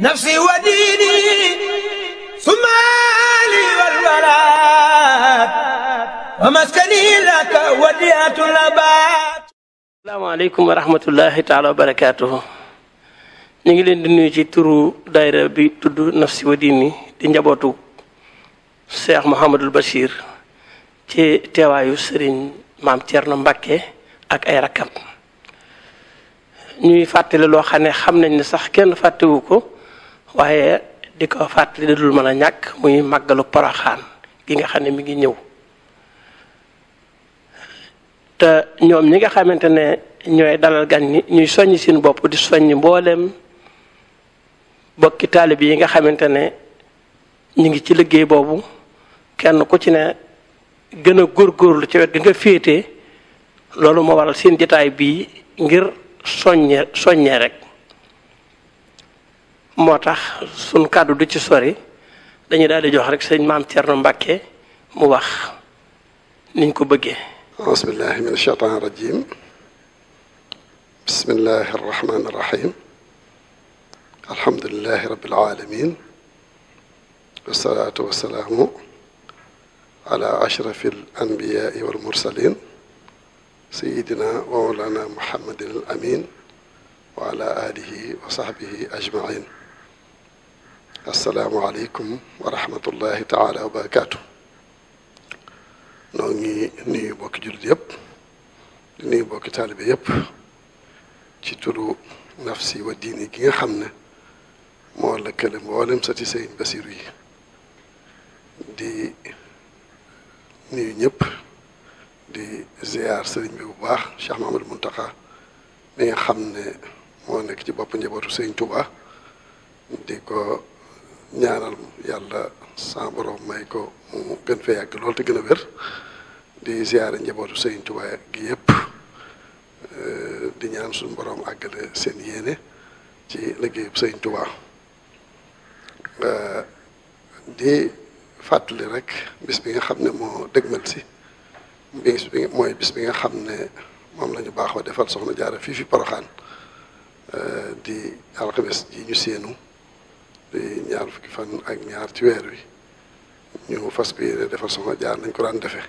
نفسي وديني ثم لي والولاد ومسكني لك وديعة الأباد السلام عليكم ورحمة الله تعالى وبركاته ñu ngi leen di nuyu ci turu daayira bi tudd Nafsi wa Diini di njabootu Cheikh Mouhamadul Bachir ci teewaayu sëriñ maam na Mbakke ak ay rakkam ñuy fàttali loo xam ne xam nañ ne sax kenn fàttewu ko waaye di ko fàttali dadul mën a ñàkk muy màggalu poroxaan gi nga xam ne mi ngi ñëw te ñoom ñi nga xamante ne ñooy dalal gan ñi ñuy soññ seen bopp di soññ mbooleem bokki taalib yi nga xamante ne ñu ngi ci liggéey boobu kenn ku ci ne gën a góorlu ci wet gi nga féete loolu moo waral seen jataay bii ngir soññe soññee rek motax suñ kàddu du ci sori dañu daal di jox rek seigne mam tierno Mbacke mu wax niñ ko bëggee أعوذ بالله من الشيطان الرجيم بسم الله الرحمن الرحيم الحمد لله رب العالمين والصلاة والسلام على أشرف الأنبياء والمرسلين سيدنا ومولانا محمد الأمين وعلى آله وصحبه أجمعين assalaamu aleykum wa rahmatullahi taala wa barakaatu noo ngi nuyu bokki jullit yëpp di nuyu bokki taalibe yëpp ci turu nafsi wa diini gi nga xam ne moo lëkkale mboolem sati sëriñ basiru yi di nuyu ñëpp di ziar sëriñ bi bu baax Cheikh Mahamadou Muntaxa mi nga xam ne moo nekk ci bopp njabootu sëriñ Tuubaa di ko ñaanal yàlla sa borom may ko mu gën fee yàgg lool te gën a wér di ziare njabootu Sëriñ Tuubaa gi yëpp eh, di ñaan suñu borom àggale seen yéene ci liggéeyub Sëriñ Tuubaa eh, di fàttali rek bis bi nga xam ne moo dëgmal si bis bi mooy bis bi nga xam ne moom la ñu baaxoo defal soxna jaara fii fi Poroxaan eh, di alxames ji ñu séenu day ñaar fukki fan ak ñaar ci weer wi ñu fas bi defar soxna jaar nañ ko daan defee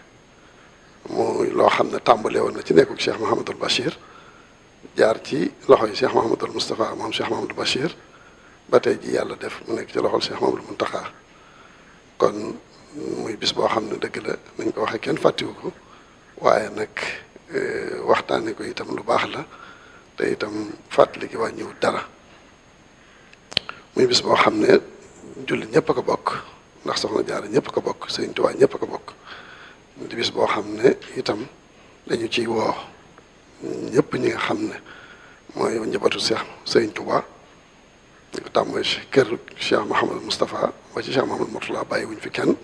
muy loo xam ne tàmbale woon na ci nekkuk Cheikh Mouhamadul Bachir jaar ci loxo yi Cheikh Mouhamadul Moustapha moom Cheikh Mouhamadul Bachir ba tey ji yàlla def mu nekk ci loxol Cheikh Mouhamadul Mountakha kon muy bis boo xam ne dëgg la nañ ko waxee kenn fàttiwu ko waaye nag waxtaane ko itam lu baax la te itam fàttali gi wàññiwul dara muy bis boo xam ne jullit ñëpp a ko bokk ndax soxna jaara ñëpp ko bokk sëriñ Tuubaa ñëpp a ko bokk di bis boo xam ne itam dañu ciy woo ñëpp ñi nga xam ne mooy njabootu Cheikh sëriñ Tuubaa di ko tàmbali kër Cheikh Mouhamadou Moustapha ba ci Cheikh fi kenn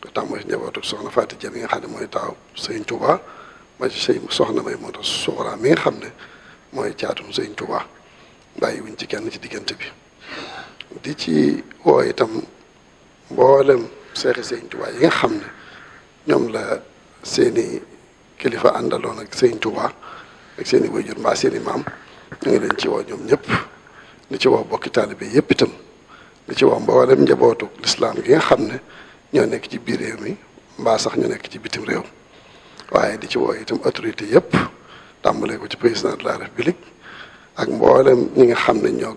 ko tàmbali njabootu soxna Faati Jaa mi nga xam ne mooy taaw sëriñ Tuubaa ba soxna may moo tax suuxraa mi nga xam ne mooy caatum sëriñ Tuubaa bàyyi wuñ ci kenn ci diggante bi di ci woo itam mboolem seexi sëñ Tuubaa yi nga xam ne ñoom la seeni kilifa àndaloon ak sëñ Tuubaa ak seeni waajur mbaa seeni maam ñu ngi leen ci woo ñoom ñëpp di ci woo bokki taalibe yëpp itam di ci woo mboolem njabootu lislaam gi nga xam ne ñoo nekk ci biir mi mbaa sax ñu nekk ci bitim réew waaye di ci woo itam autorité yëpp tàmbalee ko ci président de la république ak mboolem ñi nga xam ne ñoo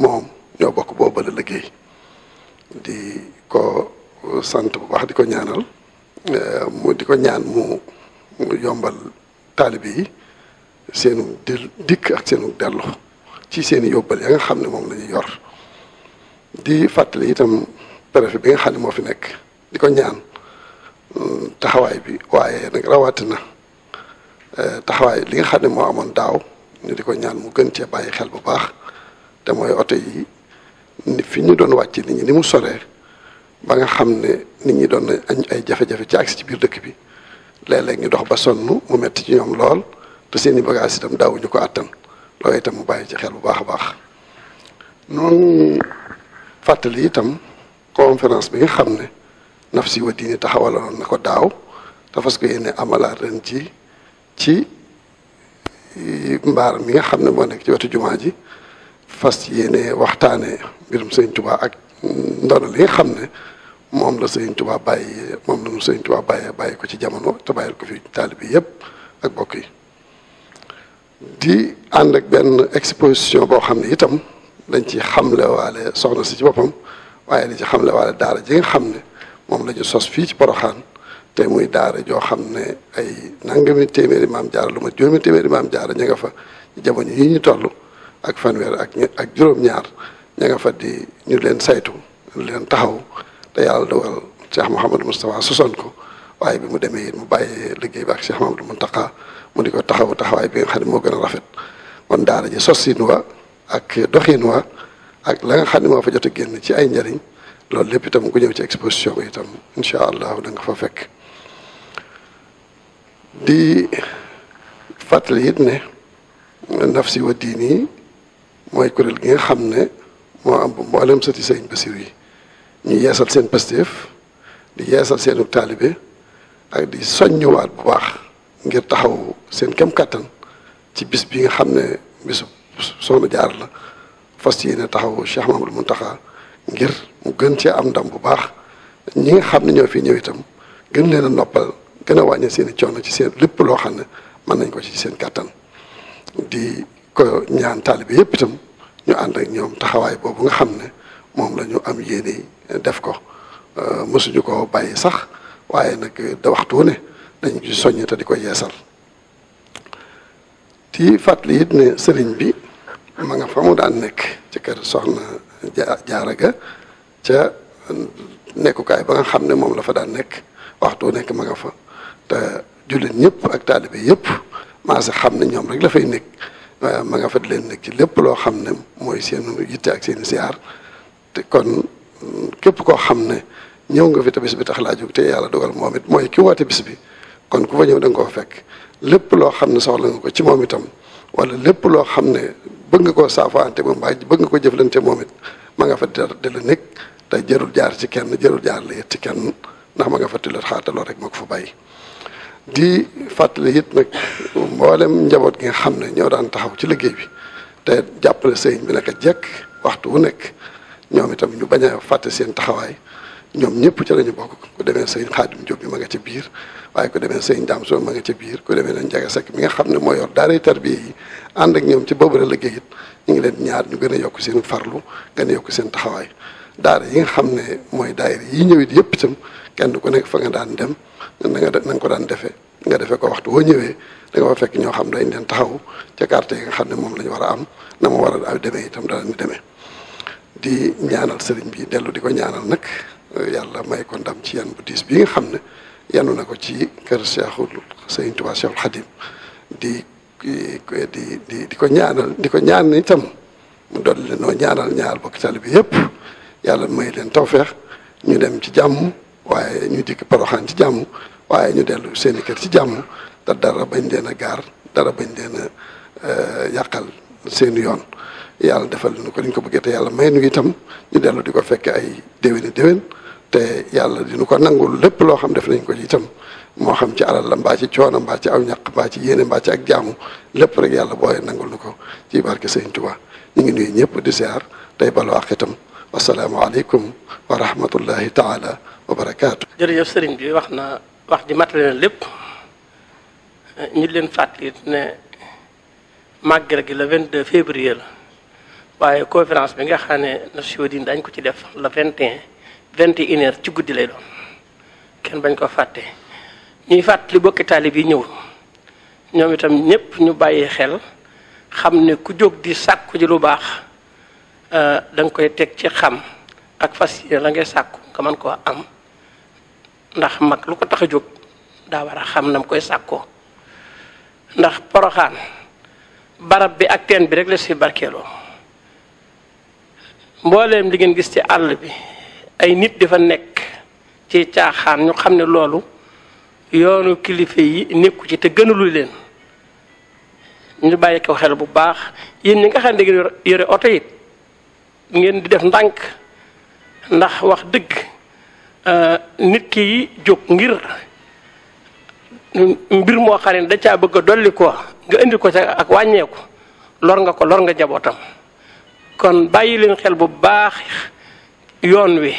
moom ñoo bokk boobu la liggéey di ko sant bu baax di ko ñaanal eh, mu di ko ñaan mu mu yombal taalibe yi seenu dikk ak seenu dellu ci seeni yóbbal ya nga xam ne moom la yor di fàttali itam préfet bi nga xam ne moo fi nekk di ko ñaan mm, taxawaay bi waaye nag rawatina eh, taxawaay li nga xam ne moo amoon daaw ñu di ko ñaan mu gën cee bàyyi xel bu baax te mooy oto yi ni fi ñu doon wàcc ni ñi ni mu soree ba nga xam ne nit ñi doon añ ay jafe-jafe ci agsi ci biir dëkk bi léeg-léeg ñu dox ba sonn mu metti ci ñoom lool te seeni i bagages itam daawuñu ko àttan loolu itam mu bàyyi ci xel bu baax a baax noonu fàttali itam conférence bi nga xam ne naf si wa diini taxawaloon na ko daaw tafas ko yéene amalaat ren ci ci mbaar mi nga xam ne moo nekk ci wetu jumaa ji fas yéene waxtaane mbirum sëñ tubaa ak ndono li nga xam ne moom la sëñ tubaa bàyyi moom la ñu sëñ bàyyi ko ci jamono te bàyyil ko fi taalibe yépp ak bokk yi di ànd ak benn exposition boo xam ne itam dañ ci xamle waale soxna si ci boppam waaye li ci xamle waale daara ji xam ne moom la ñu sos fii ci Poroxaan te muy daara joo xam ne ay nangami téeméeri maam jaara lu ma juróomi téeméeri maam jaara ña fa jamono yi ñu toll ak fanweer ak ak juróom-ñaar ña nga fa di ñu leen saytu ñu leen taxaw te yàlla dogal Cheikh Mouhamadou Moustapha sosoon ko waaye bi mu demee it mu bàyyee liggéey bi ak Cheikh Mouhamadou Mountakha mu di ko taxaw taxawaay bi nga xam ne moo gën a rafet kon daara ji sosin wa ak doxin wa ak la nga xam ne moo fa jot a génn ci ay njariñ loolu lépp itam ku ñëw ci exposition bi itam incha allah da nga fa fekk di fàttali it ne nafsi wa diini mooy kuréel gi nga xam ne moo am mboolem sëti sëriñ Basiru yi ñu yeesal seen pastéef di yeesal seenu taalibe ak di soññuwaat bu baax ngir taxaw seen kem kàttan ci bis bi nga xam ne bisu soxna jaar la fas yéene taxaw Cheikh Mamadou Mountakha ngir mu gën cee am ndam bu baax ñi nga xam ne ñoo fi ñëw itam gën leen noppal gën a wàññi seeni i coono ci seen lépp loo xam ne mën nañ ko ci seen kàttan ko ñaan taalibe yëpp itam ñu ànd ak ñoom taxawaay boobu nga xam ne moom la ñu am def ko euh, mësuñu ko bàyyi sax waaye nag da ne dañ ci soññ ci fàttali it bi ma fa mu daan nekk ci kër soxna jaara ga ca nekkukaay ba nga xam ne moom la fa daan nekk waxtu nekk ma nga fa te jullit ñëpp ak taalibe yëpp maa xam ne ñoom rek la fay nekk Euh, ma nga fat leen nag ci lépp loo xam ne mooy seen yitte ak seen siyaar te kon mm, képp koo xam ne ñëw nga fi te bi tax laa jóg te yàlla dogal moom it mooy ki woote bis bi kon ku fa ñëw da nga koo fekk lépp loo xam ne soxla nga ko ci moom itam wala lépp loo xam ne bëgg nga koo ante moom mbaa bëgg nga ko jëflante moom it ma nga fa de la nekk te jërul jaar ci kenn jarul jaar la yet ci kenn ndax ma nga fa di la xaataloo rek ma ko fa bàyyi di fàttali it nag mboolem njaboot gi nga xam ne ñoo daan taxaw ci liggéey bi te jàppale sëriñ bi naka jekk waxtu wu nekk ñoom itam ñu bañ a fàtte seen taxawaay ñoom ñëpp ci lañu bokk ku demee sëriñ Xaadim Jóob bi ma nga ca biir waaye ku demee sëriñ Daam Soo ma nga ci biir ku demee nañ Njaga Sekk mi nga xam ne mooy yor yi tarbiya yi ànd ak ñoom ci boobu la liggéey it ñu ngi leen ñaar ñu gën a yokk seen farlu gën a yokk seen taxawaay daara yi nga xam ne mooy daayira yi ñëwit yëpp itam kenn ku nekk fa nga daan dem na nga na ko daan defee nga defee ko waxtu woo ñëwee da nga fa fekk ñoo xam dañ leen taxaw ca carte yi nga xam ne moom la ñu war a am na mu war a demee itam dana ni demee di ñaanal sëriñ bi dellu di ko ñaanal nag yàlla may ko ndam ci yan bu diis bi nga xam ne yanu na ko ci kër Seexul Sëriñ Tuubaa Seexul Xadim di di di di ko ñaanal di ko ñaan itam mu dolli noo ñaanal ñaar bokki taalibe bi yëpp yàlla may leen tawfeex ñu dem ci jàmm waye ñu dik poroxaan ci jamm waye ñu delu seen kër ci jamm ta dara bañ leen a dara bañ leen a eh, yakal seen yoon yalla defal ñu ko dañ ko bëgge te yalla may ñu itam ñu delu di fekk ay déwéni déwén te ya ñu ko nangul lepp lo xam def nañ ko ci itam mo xam ci alal la ba ci coono ba ci aw ñak ba ci yene ba ci ak jamm lepp rek yalla booye nangul nu ko ci barke seigne touba ñi ngi nuyu ñepp di ziar tay balu ak itam والسلام عليكم ورحمة الله تعالى وبركاته جريف سرين بي وخنا وخ دي ماتلين ليب ني لين فاتلي ن ماغرك لا 22 فبراير واي كونفرنس بيغا خاني نسيو دين دان كو تي ديف لا 21 21 اير تي غودي لاي دون كين باغ كو فاتي ني فاتلي بوكي طالب يي نيو نيوم تام نيب ني بايي خيل خامني كو جوك دي ساكو جي لو باخ Eh, dang koy tek ci xam ak fas yéene la ngay sakku nga man ko am ndax mak lu ko tax jog da wara xam nam koy sakko ndax poroxan barab bi ak ten bi rek la ci barkelo mbollem di ngeen gis ci all bi ay nit difa nek ci tiaxan ñu xamne lolu yoonu kilife yi neeku ci te gënalu leen ñu bàyyi ko xel bu baax yeen ñi nga xam ne da yore ngeen di def ndank ndax wax euh nit ki jog ngir mbir mo xarin da ca bëgg doli dolli ko nga indi ko ca ak wàññeeku lor nga ko lor nga jabotam kon bayyi leen xel bu baax yoon wi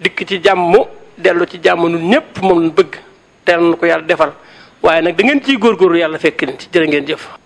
dikk ci jamm delu ci jamm nu ñepp mom bëgg tel ko yalla defal waye nak da ngeen gor gor yalla fekk ci jere ngeen jëf